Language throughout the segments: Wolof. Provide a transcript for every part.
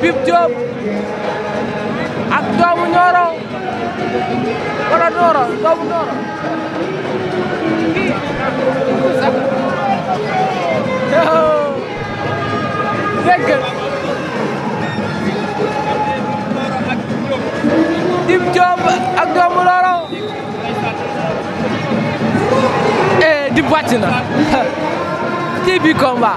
Bib Diop ak doomu Nioro wala Nioro doomu Nioro kii dégg Bib ak doomu Nioro eh di wàcc ci bi combat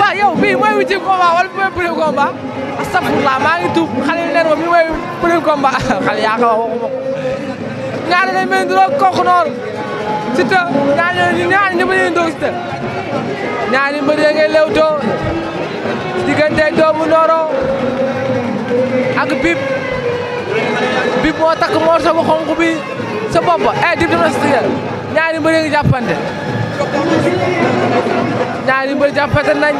waaw yow bii mooy wuti combat wala mooy bëri combat astafurlah maa ngi tuub xale yu nen moom bii mooy bëri combat xale yaa ko wax waxuma ko ñaari lañ mel ni doo kooku noonu si te ñaari ñaari ñëpp dañuy doog si te ñaari mbër ya ngay lewtoo diggante doomu Ndoro ak bib bib moo takk morso bu xonq bi sa bopp eh dib dama si ñaari mbër ya ngi jàppante. ñaari mbër jàppante nañ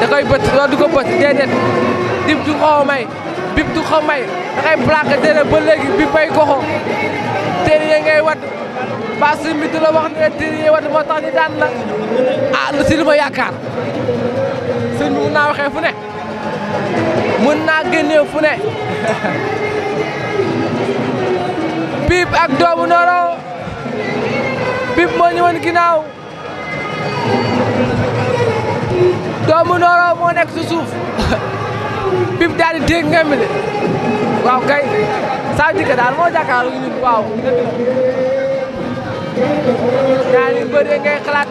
da koy bët loolu ko bët déedéet dib du xaw may du xaw may da koy plaqué déedéet ba léegi bi bay goxo téere ya ngay wat basi mi du la wax ne téere wat moo tax ñu daan la ah, lu si li ma yaakaar sëñ bi mun naa waxee fu mun naa génnee fu Bip doomu Noro Bip moo ñëwoon ginnaaw doomu Noro moo nekk si suuf Bip daal di waaw kay saa dikk daal moo jàkkaarloo ñu waaw daal di bëre ngay xalaat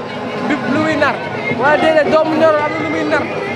Bip lu muy nar wala déedéet doomu Noro am na lu muy